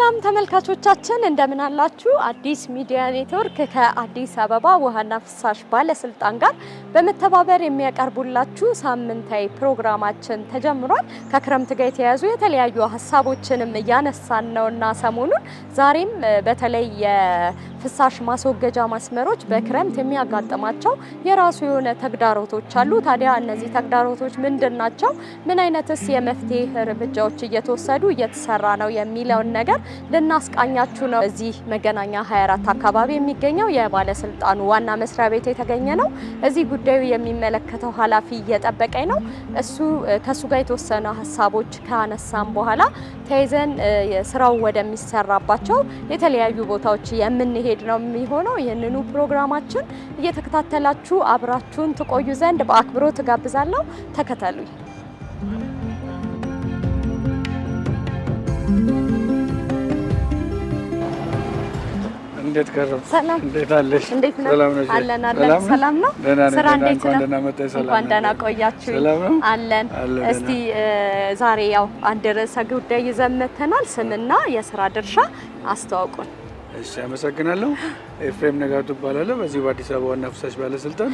ሰላም ተመልካቾቻችን እንደምን አላችሁ? አዲስ ሚዲያ ኔትወርክ ከአዲስ አበባ ውሃና ፍሳሽ ባለስልጣን ጋር በመተባበር የሚያቀርቡላችሁ ሳምንታዊ ፕሮግራማችን ተጀምሯል። ከክረምት ጋር የተያያዙ የተለያዩ ሀሳቦችንም እያነሳን ነውና ሰሞኑን ዛሬም በተለይ ፍሳሽ ማስወገጃ መስመሮች በክረምት የሚያጋጥማቸው የራሱ የሆነ ተግዳሮቶች አሉ። ታዲያ እነዚህ ተግዳሮቶች ምንድን ናቸው? ምን አይነትስ የመፍትሄ እርምጃዎች እየተወሰዱ እየተሰራ ነው የሚለውን ነገር ልናስቃኛችሁ ነው። እዚህ መገናኛ 24 አካባቢ የሚገኘው የባለስልጣኑ ዋና መስሪያ ቤት የተገኘ ነው። እዚህ ጉዳዩ የሚመለከተው ኃላፊ እየጠበቀኝ ነው። እሱ ከእሱ ጋር የተወሰነ ሀሳቦች ካነሳም በኋላ ተይዘን ስራው ወደሚሰራባቸው የተለያዩ ቦታዎች የምንሄ የሚሄድ ነው የሚሆነው። ይህንኑ ፕሮግራማችን እየተከታተላችሁ አብራችሁን ትቆዩ ዘንድ በአክብሮ ትጋብዛለሁ ተከተሉኝ። እንዴት ቀረብ? ሰላም እንዴት አለሽ? እንዴት ነው? ሰላም ነው አለን አለን። ሰላም ነው ስራ እንዴት ነው? እንኳን ደህና ቆያችሁ። አለን እስቲ ዛሬ ያው አንድ ርዕሰ ጉዳይ ይዘን መተናል። ስምና የስራ ድርሻ አስተዋውቁን። እሺ አመሰግናለሁ። ኤፍሬም ነጋቱ እባላለሁ። በዚህ በአዲስ አበባ ዋና ፍሳሽ ባለስልጣን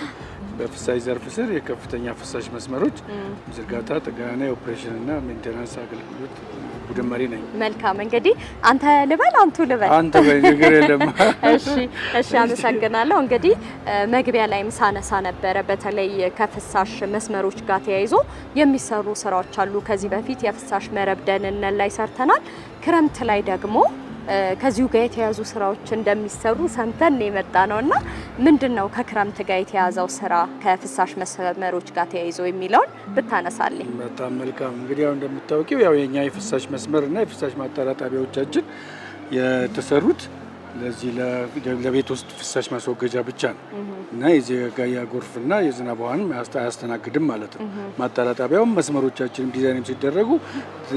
በፍሳሽ ዘርፍ ስር የከፍተኛ ፍሳሽ መስመሮች ዝርጋታ፣ ጥገናና የኦፕሬሽን እና ሜንቴናንስ አገልግሎት ቡድን መሪ ነኝ። መልካም እንግዲህ አንተ ልበል አንቱ ልበል አንተ በግግር የለም። እሺ እሺ አመሰግናለሁ። እንግዲህ መግቢያ ላይም ሳነሳ ነበረ በተለይ ከፍሳሽ መስመሮች ጋር ተያይዞ የሚሰሩ ስራዎች አሉ። ከዚህ በፊት የፍሳሽ መረብ ደህንነት ላይ ሰርተናል። ክረምት ላይ ደግሞ ከዚሁ ጋር የተያዙ ስራዎች እንደሚሰሩ ሰምተን የመጣ ነው እና ምንድን ነው ከክረምት ጋር የተያዘው ስራ ከፍሳሽ መስመሮች ጋር ተያይዞ የሚለውን ብታነሳልኝ በጣም መልካም። እንግዲህ ያው እንደምታወቂው ያው የኛ የፍሳሽ መስመር እና የፍሳሽ ማጠራጠቢያዎቻችን የተሰሩት ለዚህ ለቤት ውስጥ ፍሳሽ ማስወገጃ ብቻ ነው እና የጋያ ጎርፍና የዝናብ ውሃንም አያስተናግድም ማለት ነው። ማጠራጠቢያውም መስመሮቻችንም ዲዛይንም ሲደረጉ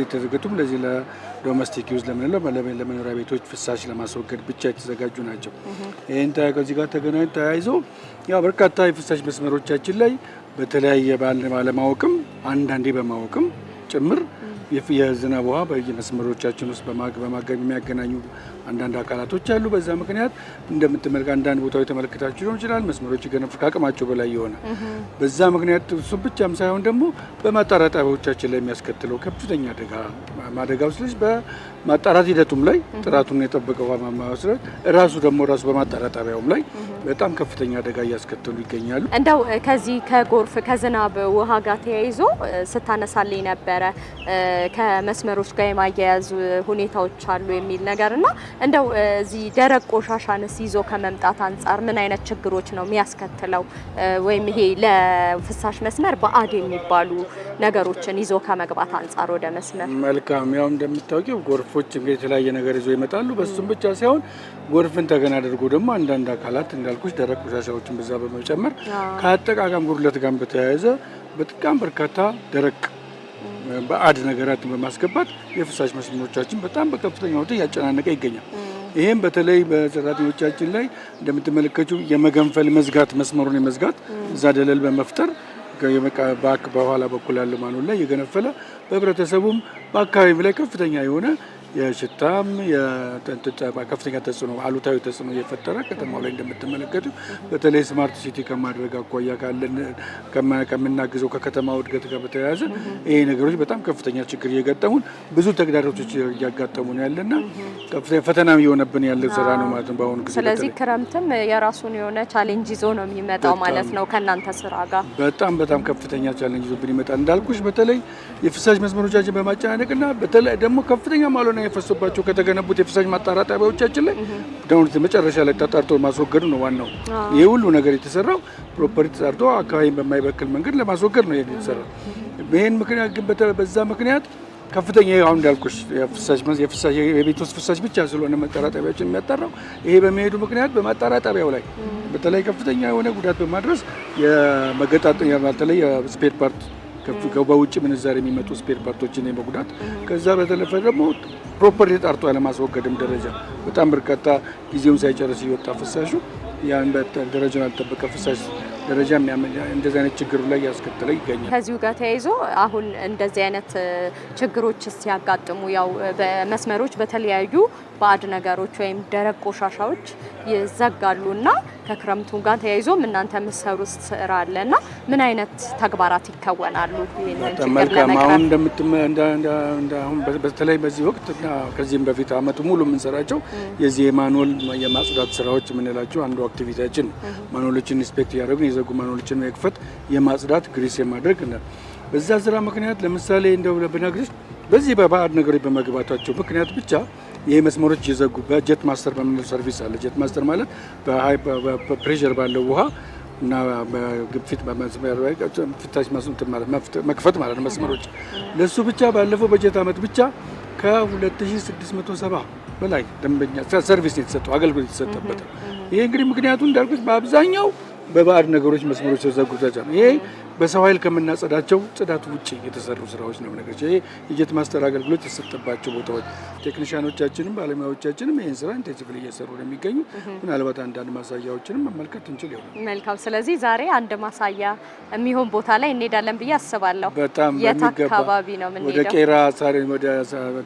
የተዘገቱም ለዚህ ለዶሜስቲክ ዩዝ ለምንለው ለመኖሪያ ቤቶች ፍሳሽ ለማስወገድ ብቻ የተዘጋጁ ናቸው። ይህን ከዚህ ጋር ተገናኝ ተያይዞ ያው በርካታ የፍሳሽ መስመሮቻችን ላይ በተለያየ ባለማወቅም አንዳንዴ በማወቅም ጭምር የዝናብ ውሃ በየመስመሮቻችን ውስጥ በማገብ የሚያገናኙ አንዳንድ አካላቶች አሉ። በዛ ምክንያት እንደምትመልክ አንዳንድ ቦታ የተመለከታችሁ ሊሆን ይችላል። መስመሮች ገነፍ ከአቅማቸው በላይ የሆነ በዛ ምክንያት እሱ ብቻም ሳይሆን ደግሞ በማጣራጣቢያዎቻችን ላይ የሚያስከትለው ከፍተኛ አደጋ ማደጋ ውስጥ በማጣራት ሂደቱም ላይ ጥራቱን የጠበቀ ውሃ ማማስረት ራሱ ደግሞ ራሱ በማጣራጣቢያውም ላይ በጣም ከፍተኛ አደጋ እያስከተሉ ይገኛሉ። እንደው ከዚህ ከጎርፍ ከዝናብ ውሃ ጋር ተያይዞ ስታነሳልኝ ነበረ ከመስመሮች ጋር የማያያዝ ሁኔታዎች አሉ የሚል ነገር እና እንደው እዚህ ደረቅ ቆሻሻንስ ይዞ ከመምጣት አንጻር ምን አይነት ችግሮች ነው የሚያስከትለው? ወይም ይሄ ለፍሳሽ መስመር በአድ የሚባሉ ነገሮችን ይዞ ከመግባት አንጻር ወደ መስመር መልካም። ያው እንደምታውቂው ጎርፎች እንግዲህ የተለያየ ነገር ይዞ ይመጣሉ። በሱም ብቻ ሳይሆን ጎርፍን ተገና አድርጎ ደግሞ አንዳንድ አካላት እንዳልኩች ደረቅ ቆሻሻዎችን በዛ በመጨመር ከአጠቃቀም ጉድለት ጋር በተያያዘ በጥቃም በርካታ ደረቅ በአድ ነገራትን በማስገባት የፍሳሽ መስመሮቻችን በጣም በከፍተኛ ሁኔታ እያጨናነቀ ይገኛል። ይህም በተለይ በሰራተኞቻችን ላይ እንደምትመለከቱ የመገንፈል መዝጋት፣ መስመሩን የመዝጋት እዛ ደለል በመፍጠር በኋላ በኩል ያለ ማኑን ላይ የገነፈለ በህብረተሰቡም በአካባቢ ላይ ከፍተኛ የሆነ የሽታም ከፍተኛ ተጽዕኖ አሉታዊ ተጽዕኖ እየፈጠረ ከተማው ላይ እንደምትመለከቱ በተለይ ስማርት ሲቲ ከማድረግ አኳያ ካለን ከምናግዘው ከከተማው እድገት ጋር በተያያዘ ይሄ ነገሮች በጣም ከፍተኛ ችግር እየገጠሙን ብዙ ተግዳሮቶች እያጋጠሙ ነው ያለና ከፍተኛ ፈተናም እየሆነብን ያለ ስራ ነው ማለት ነው በአሁኑ ጊዜ። ስለዚህ ክረምትም የራሱን የሆነ ቻሌንጅ ይዞ ነው የሚመጣው ማለት ነው ከእናንተ ስራ ጋር በጣም በጣም ከፍተኛ ቻሌንጅ ይዞብን ይመጣል እንዳልኩሽ በተለይ የፍሳሽ መስመሮቻችን በማጨናነቅና በተለይ ደግሞ ከፍተኛ ማልሆነ ፈሶባቸው ከተገነቡት የፍሳሽ ማጣሪያ ጣቢያዎቻችን ላይ ዳውንት መጨረሻ ላይ ተጣርቶ ማስወገዱ ነው ዋናው። ይህ ሁሉ ነገር የተሰራው ፕሮፐርቲ ተጣርቶ አካባቢን በማይበክል መንገድ ለማስወገድ ነው የተሰራው። ይህን ምክንያት ግን በዛ ምክንያት ከፍተኛ አሁን እንዳልኩሽ የቤት ውስጥ ፍሳሽ ብቻ ስለሆነ ማጣሪያ ጣቢያዎችን የሚያጣራው ይሄ በመሄዱ ምክንያት በማጣሪያ ጣቢያው ላይ በተለይ ከፍተኛ የሆነ ጉዳት በማድረስ የመገጣጠሚያ በተለይ የስፔር ፓርት በውጭ ምንዛሬ የሚመጡ ስፔር ፓርቶችን የመጉዳት ከዛ በተለፈ ደግሞ ፕሮፐር ጣርቶ ያለማስወገድም ደረጃ በጣም በርካታ ጊዜውን ሳይጨርስ እየወጣ ፍሳሹ ያን ደረጃን ያልጠበቀ ፍሳሽ ደረጃ እንደዚህ አይነት ችግሩ ላይ ያስከተለ ይገኛል። ከዚሁ ጋር ተያይዞ አሁን እንደዚህ አይነት ችግሮች ሲያጋጥሙ ያው በመስመሮች በተለያዩ ባዕድ ነገሮች ወይም ደረቅ ቆሻሻዎች ይዘጋሉ እና ከክረምቱ ጋር ተያይዞም እናንተ የምትሰሩት ስራ አለ እና ምን አይነት ተግባራት ይከወናሉ? መልካም አሁን እንደምትሁን በተለይ በዚህ ወቅት ከዚህም በፊት አመቱ ሙሉ የምንሰራቸው የዚህ የማኑዋል የማጽዳት ስራዎች የምንላቸው አንዱ አክቲቪቲያችን ነው። ኢንስፔክት እያደረግን የዘጉ ማኑዋሎችን መክፈት፣ የማጽዳት ግሪስ የማድረግ በዛ ስራ ምክንያት ለምሳሌ እንደው ብነግርሽ በዚህ በባዕድ ነገሮች በመግባታቸው ምክንያት ብቻ ይሄ መስመሮች ይዘጉ። በጀት ማስተር በምንለው ሰርቪስ አለ። ጀት ማስተር ማለት በሃይ ፕሬሸር ባለው ውሃ እና በግፊት በመስመር ፍታሽ መክፈት ማለት ነው መስመሮች ለሱ ብቻ ባለፈው በጀት አመት ብቻ ከ2670 በላይ ደንበኛ ሰርቪስ ነው የተሰጠው አገልግሎት የተሰጠበት። ይሄ እንግዲህ ምክንያቱ እንዳልኩት በአብዛኛው በባዕድ ነገሮች መስመሮች ተዘጉ። ይሄ በሰው ኃይል ከምናጸዳቸው ጽዳቱ ውጭ የተሰሩ ስራዎች ነው ነገር ይሄ የጀት ማስተር አገልግሎት የተሰጠባቸው ቦታዎች ቴክኒሽያኖቻችንም ባለሙያዎቻችንም ይህን ስራ ኢንቴንሲቭሊ እየሰሩ ነው የሚገኙ። ምናልባት አንዳንድ ማሳያዎችንም መመልከት እንችል ይሆናል። መልካም። ስለዚህ ዛሬ አንድ ማሳያ የሚሆን ቦታ ላይ እንሄዳለን ብዬ አስባለሁ። በጣም አካባቢ ነው ወደ ቄራ ወደ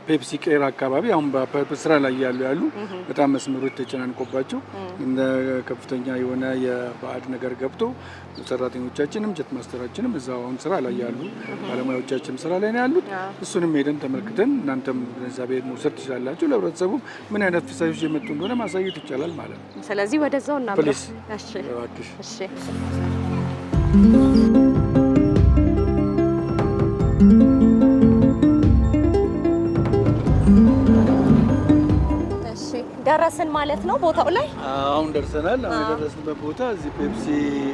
ፔፕሲ ቄራ አካባቢ አሁን በስራ ላይ ያሉ ያሉ በጣም መስመሮች ተጨናንቆባቸው ከፍተኛ የሆነ የባዕድ ነገር ገብቶ ሰራተኞቻችንም ጀት ማስተር ባልደረቦቻችንም እዛ አሁን ስራ ላይ ያሉ ባለሙያዎቻችንም ስራ ላይ ነው ያሉት። እሱንም ሄደን ተመልክተን እናንተም ግንዛቤ መውሰድ ትችላላችሁ። ለህብረተሰቡ ምን አይነት ፍሳሾች የመጡ እንደሆነ ማሳየት ይቻላል ማለት ነው። ስለዚህ ወደዛው እናምራ። እሺ እሺ ደረስን ማለት ነው ቦታው ላይ አሁን ደርሰናል። አሁን የደረስንበት ቦታ እዚህ ፔፕሲ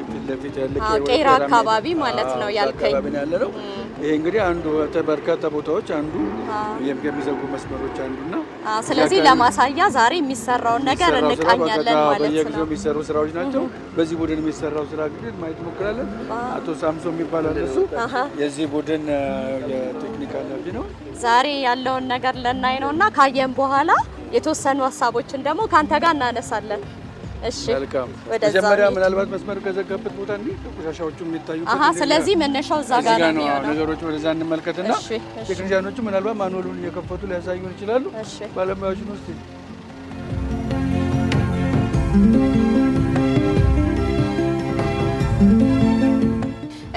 ፊት ለፊት ያለ ቄራ አካባቢ ማለት ነው ያልከኝ ያለ ነው። ይሄ እንግዲህ አንዱ በርካታ ቦታዎች አንዱ የሚዘጉ መስመሮች አንዱና ስለዚህ ለማሳያ ዛሬ የሚሰራውን ነገር እንቃኛለን ማለት ነው። በየጊዜው የሚሰሩ ስራዎች ናቸው። በዚህ ቡድን የሚሰራው ስራ እንግዲህ ማየት እንሞክራለን። አቶ ሳምሶ የሚባል እሱ የዚህ ቡድን የቴክኒክ ኃላፊ ነው። ዛሬ ያለውን ነገር ልናይ ነው እና ካየን በኋላ የተወሰኑ ሀሳቦችን ደግሞ ከአንተ ጋር እናነሳለን። እሺ መጀመሪያ ምናልባት መስመር ከዘጋበት ቦታ እንዲህ ቆሻሻዎቹ የሚታዩ አሀ፣ ስለዚህ መነሻው እዛ ጋር ነው የሚሆነው። ነገሮች ወደዛ እንመልከትና ቴክኒሻኖቹ ምናልባት ማኑዋሉን እየከፈቱ ሊያሳዩን ይችላሉ። ባለሙያዎችን ውስጥ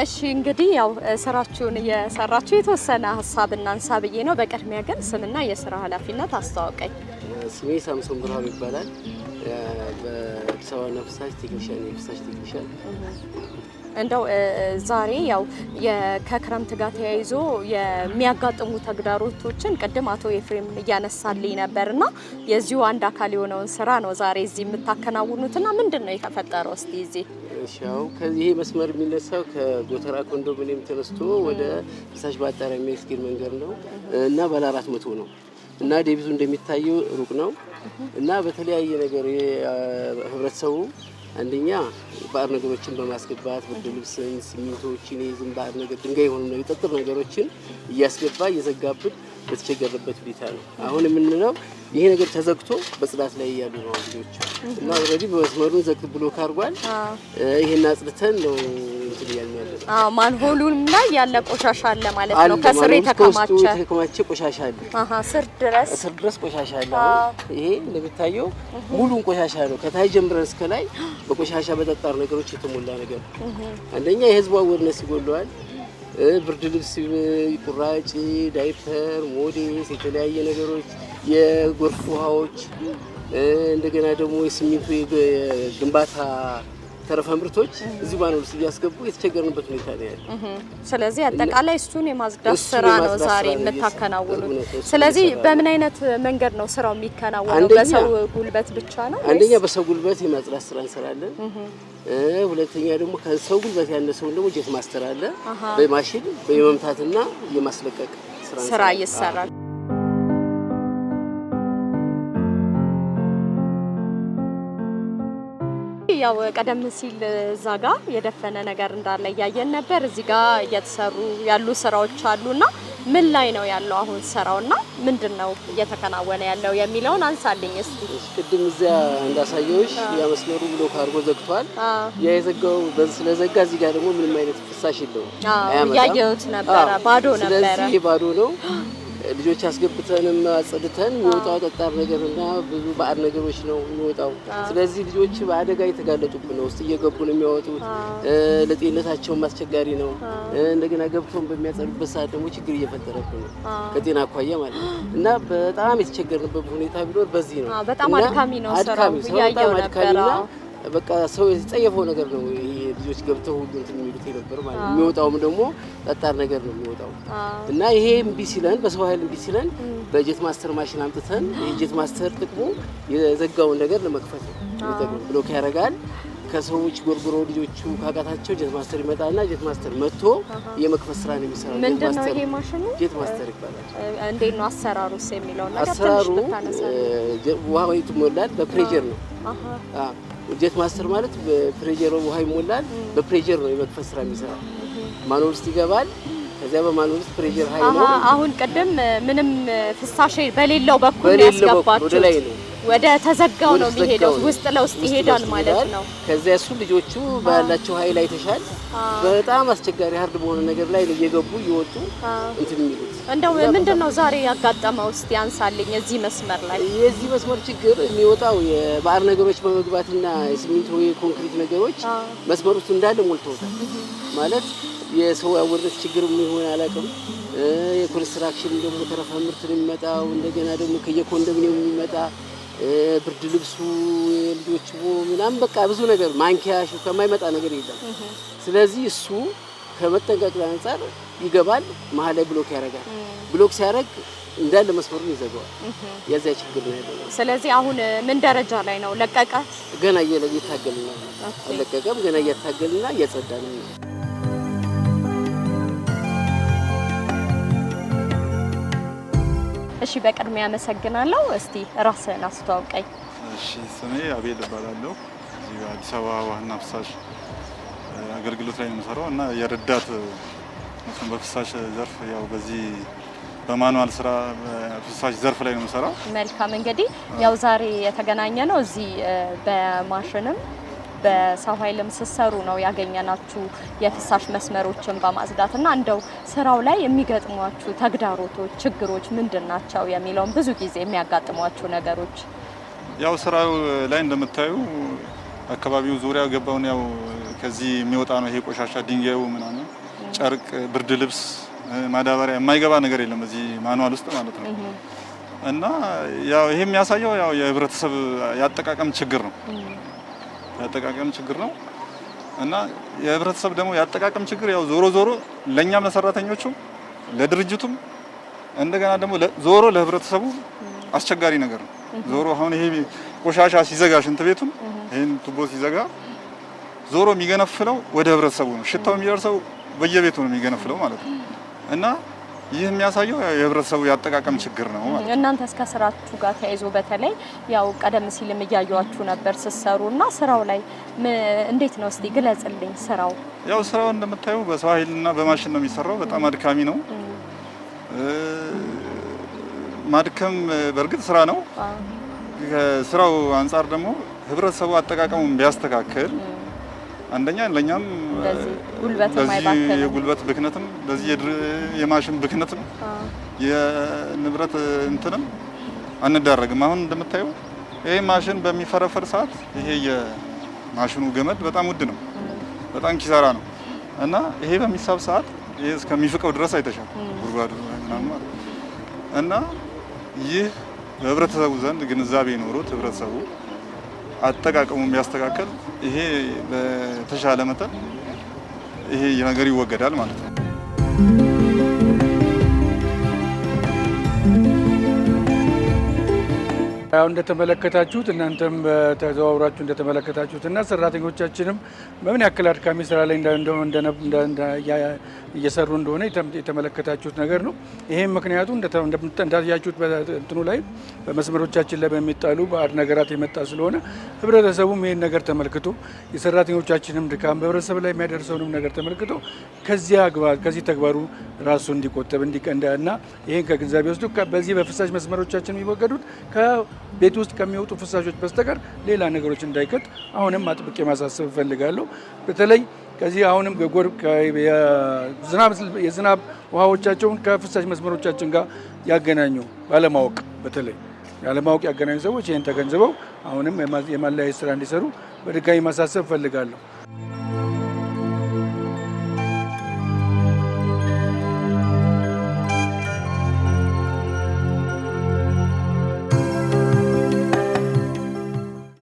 እሺ እንግዲህ ያው ስራችሁን እየሰራችሁ የተወሰነ ሀሳብ እናንሳ ብዬ ነው። በቅድሚያ ግን ስምና የስራ ኃላፊነት አስተዋውቀኝ። ስሜ ሳምሶን ብርሃኑ ይባላል። በአዲስ አበባ ፍሳሽ ቴክኒሽያን የፍሳሽ ቴክኒሽያን እንደው ዛሬ ያው ከክረምት ጋር ተያይዞ የሚያጋጥሙ ተግዳሮቶችን ቅድም አቶ ኤፍሬም እያነሳልኝ ነበር ነበርና የዚሁ አንድ አካል የሆነውን ስራ ነው ዛሬ እዚህ የምታከናውኑት የምታከናውኑትና ምንድን ነው የተፈጠረው? እስቲ እዚህ ሻው ከዚህ መስመር የሚነሳው ከጎተራ ኮንዶሚኒየም ተነስቶ ወደ ፍሳሽ ባጣሪያ የሚያስጌድ መንገድ ነው እና ባለ አራት መቶ ነው እና ዴቪዙ እንደሚታየው ሩቅ ነው እና በተለያየ ነገር ህብረተሰቡ አንደኛ ባዕድ ነገሮችን በማስገባት ብርድ ልብስን፣ ሲሚንቶችን ይዝም ባዕድ ነገር ድንጋይ የሆኑ የጠጥር ነገሮችን እያስገባ እየዘጋብን በተቸገረበት ሁኔታ ነው አሁን የምንለው። ይሄ ነገር ተዘግቶ በጽዳት ላይ እያሉ ነው ልጆች እና ኦልሬዲ በመስመሩን ዘግት ብሎ ካርጓል። ይሄን አጽድተን ነው እንትን እያልን ያለ። አዎ ማንሆሉም ላይ ያለ ቆሻሻ አለ ማለት ነው። ከስር የተከማቸ የተከማቸ ቆሻሻ አለ። አሃ ስር ድረስ ስር ድረስ ቆሻሻ አለ። ይሄ እንደሚታየው ሙሉን ቆሻሻ ነው። ከታይ ጀምረን እስከ ላይ በቆሻሻ በጠጣር ነገሮች የተሞላ ነገር። አንደኛ የህዝቡ አወርነስ ይጎለዋል። ብርድ ልብስ፣ ቁራጭ፣ ዳይፐር፣ ሞዴስ፣ የተለያየ ነገሮች፣ የጎርፍ ውሃዎች እንደገና ደግሞ የሲሚንቶ ግንባታ ተረፈ ምርቶች እዚህ ባነው ውስጥ እያስገቡ የተቸገርንበት ሁኔታ ነው ያለ። ስለዚህ አጠቃላይ እሱን የማጽዳት ስራ ነው ዛሬ የምታከናውኑት። ስለዚህ በምን አይነት መንገድ ነው ስራው የሚከናወነው? በሰው ጉልበት ብቻ ነው? አንደኛ በሰው ጉልበት የማጽዳት ስራ እንሰራለን። ሁለተኛ ደግሞ ከሰው ጉልበት ያነሰውን ደግሞ ጀት ማስተር አለ። በማሽን የመምታትና የማስለቀቅ ስራ ይሰራል። ያው ቀደም ሲል እዛ ጋር የደፈነ ነገር እንዳለ እያየን ነበር። እዚህ ጋር እየተሰሩ ያሉ ስራዎች አሉና ምን ላይ ነው ያለው አሁን ስራውና ምንድን ነው እየተከናወነ ያለው የሚለውን አንሳልኝ እስቲ። ቅድም እዚያ እንዳሳየውሽ የመስመሩ ብሎ ካርጎ ዘግቷል። ያ የዘጋው በዚህ ስለዘጋ እዚህ ጋር ደግሞ ምንም አይነት ፍሳሽ የለውም። ያየሁት ነበረ፣ ባዶ ነበረ። ስለዚህ ባዶ ነው። ልጆች አስገብተንም አጽድተን የሚወጣው ጠጣር ነገር እና ብዙ ባዕድ ነገሮች ነው የሚወጣው። ስለዚህ ልጆች በአደጋ የተጋለጡብን ነው፣ ውስጥ እየገቡ ነው የሚያወጡት። ለጤንነታቸውም አስቸጋሪ ነው። እንደገና ገብተውን በሚያጸዱበት ሰዓት ደግሞ ችግር እየፈጠረብን ነው፣ ከጤና አኳያ ማለት ነው። እና በጣም የተቸገርንበት ሁኔታ ቢኖር በዚህ ነው። በጣም አድካሚ ነው፣ አድካሚ በጣም አድካሚና በቃ ሰው የተጸየፈው ነገር ነው። ልጆች ገብተው ሁሉ እንትን የሚሉት የነበር ማለት ነው። የሚወጣውም ደግሞ ጠጣር ነገር ነው የሚወጣው እና ይሄ እምቢ ሲለን በሰው ኃይል እምቢ ሲለን በጀት ማስተር ማሽን አምጥተን የጀት ማስተር ጥቅሙ የዘጋውን ነገር ለመክፈት ነው የሚጠቅመው። ብሎክ ያደርጋል። ከሰዎች ጎርጎሮ ልጆቹ ካቃታቸው ጀት ማስተር ይመጣልና ጀት ማስተር መጥቶ የመክፈት ስራ ነው የሚሰራው። ምንድን ነው ይሄ ማሽኑ? ጀት ማስተር ይባላል። እንዴት ነው አሰራሩስ የሚለው ነገር አሰራሩ ውሃ ይሞላል። በፕሬጀር ነው ጀት ማስተር ማለት በፕሬጀር ውሃ ይሞላል። በፕሬጀር ነው የመክፈት ስራ የሚሰራው ማኖር ውስጥ ይገባል። ከዚያ በማኖር ውስጥ ፕሬሽር ሃይ ነው። አሁን ቅድም ምንም ፍሳሽ በሌለው በኩል ያስገባችሁት ወደ ተዘጋው ነው የሚሄደው። ውስጥ ለውስጥ ይሄዳል ማለት ነው። ከዚያ እሱ ልጆቹ ባላቸው ኃይል አይተሻል። በጣም አስቸጋሪ ሀርድ በሆነ ነገር ላይ እየገቡ እየወጡ እንትን የሚሉት እንደው ምንድን ነው ዛሬ ያጋጠመው? እስቲ አንሳልኝ። የዚህ መስመር ላይ የዚህ መስመር ችግር የሚወጣው የባዕር ነገሮች በመግባትና የሲሚንቶ የኮንክሪት ነገሮች መስመር ውስጥ እንዳለ ሞልተውታል። ማለት የሰው አወርነት ችግር የሚሆን አላውቅም። የኮንስትራክሽን ደግሞ ተረፈ ምርት የሚመጣው እንደገና ደግሞ ከየኮንዶሚኒየም የሚመጣ ብርድ ልብሱ የልጆቹ ምናምን በቃ ብዙ ነገር ማንኪያ ከማይመጣ ነገር የለም። ስለዚህ እሱ ከመጠንቀቅ አንጻር ይገባል፣ መሀል ላይ ብሎክ ያደርጋል። ብሎክ ሲያደርግ እንዳለ መስመሩን ይዘገዋል። የዚያ ችግር ነው ያለው። ስለዚህ አሁን ምን ደረጃ ላይ ነው? ለቀቀ? ገና እየታገልና አለቀቀም። ገና እያታገልና እያጸዳ ነው። እሺ፣ በቅድሚያ አመሰግናለሁ። እስቲ ራስህን አስተዋውቀኝ። እሺ፣ ስሜ አቤል እባላለሁ። እዚህ አዲስ አበባ ውሃና ፍሳሽ አገልግሎት ላይ የምሰራው እና የረዳት እሱም በፍሳሽ ዘርፍ ያው በዚህ በማኑዋል ስራ ፍሳሽ ዘርፍ ላይ ነው የምሰራው። መልካም እንግዲህ ያው ዛሬ የተገናኘ ነው እዚህ በማሽንም በሰው ኃይልም ስትሰሩ ነው ያገኘናችሁ። የፍሳሽ መስመሮችን እና እንደው ስራው ላይ የሚገጥሟችሁ ተግዳሮቶች፣ ችግሮች ምንድን ናቸው የሚለውን ብዙ ጊዜ የሚያጋጥሟችሁ ነገሮች ያው ስራው ላይ እንደምታዩ አካባቢው ዙሪያ ገባውን ያው ከዚህ የሚወጣ ነው ይሄ ቆሻሻ ድንጋዩ ምናምን ጨርቅ፣ ብርድ ልብስ፣ ማዳበሪያ የማይገባ ነገር የለም እዚህ ማኑዋል ውስጥ ማለት ነው። እና ያው ይሄ የሚያሳየው ያው የህብረተሰብ ያጠቃቀም ችግር ነው። የአጠቃቀም ችግር ነው እና የህብረተሰብ ደግሞ የአጠቃቀም ችግር ያው ዞሮ ዞሮ ለእኛም ለሰራተኞቹ ለድርጅቱም እንደገና ደግሞ ዞሮ ለህብረተሰቡ አስቸጋሪ ነገር ነው። ዞሮ አሁን ይሄ ቆሻሻ ሲዘጋ ሽንት ቤቱን ይሄን ቱቦ ሲዘጋ ዞሮ የሚገነፍለው ወደ ህብረተሰቡ ነው። ሽታው የሚደርሰው በየቤቱ ነው የሚገነፍለው ማለት ነው እና ይህ የሚያሳየው የህብረተሰቡ የአጠቃቀም ችግር ነው ማለት ነው። እናንተስ ከስራችሁ ጋር ተያይዞ በተለይ ያው ቀደም ሲልም እያዩዋችሁ ነበር ስትሰሩ እና ስራው ላይ እንዴት ነው እስቲ ግለጽልኝ። ስራው ያው ስራው እንደምታዩ በሰው ኃይልና በማሽን ነው የሚሰራው። በጣም አድካሚ ነው። ማድከም በእርግጥ ስራ ነው። ከስራው አንጻር ደግሞ ህብረተሰቡ አጠቃቀሙን ቢያስተካክል አንደኛ ለእኛም ለዚህ የጉልበት ብክነትም ለዚህ የማሽን ብክነትም የንብረት እንትንም አንዳረግም። አሁን እንደምታዩ ይሄ ማሽን በሚፈረፈር ሰዓት ይሄ የማሽኑ ገመድ በጣም ውድ ነው፣ በጣም ኪሳራ ነው እና ይሄ በሚሳብ ሰዓት ይሄ እስከሚፍቀው ድረስ አይተሻል ጉድጓዱ እና ይህ በህብረተሰቡ ዘንድ ግንዛቤ ኖሮት ህብረተሰቡ አጠቃቀሙ የሚያስተካከል ይሄ በተሻለ መጠን ይሄ ነገር ይወገዳል ማለት ነው። ያው እንደተመለከታችሁት እናንተም ተዘዋውራችሁ እንደተመለከታችሁት እና ሰራተኞቻችንም በምን ያክል አድካሚ ስራ ላይ እየሰሩ እንደሆነ የተመለከታችሁት ነገር ነው። ይህም ምክንያቱ እንዳያችሁት በትኑ ላይ በመስመሮቻችን ላይ በሚጣሉ ባዕድ ነገራት የመጣ ስለሆነ ህብረተሰቡም ይህን ነገር ተመልክቶ የሰራተኞቻችንም ድካም በህብረተሰብ ላይ የሚያደርሰውንም ነገር ተመልክቶ ከዚህ ተግባሩ ራሱ እንዲቆጠብ እንዲቀንዳ እና ይህን ከግንዛቤ ወስዶ በዚህ በፍሳሽ መስመሮቻችን የሚወገዱት ቤት ውስጥ ከሚወጡ ፍሳሾች በስተቀር ሌላ ነገሮች እንዳይከት አሁንም አጥብቄ ማሳሰብ እፈልጋለሁ። በተለይ ከዚህ አሁንም የዝናብ ውሃዎቻቸውን ከፍሳሽ መስመሮቻችን ጋር ያገናኙ ባለማወቅ በተለይ ያለማወቅ ያገናኙ ሰዎች ይህን ተገንዝበው አሁንም የማለያየት ስራ እንዲሰሩ በድጋሚ ማሳሰብ እፈልጋለሁ።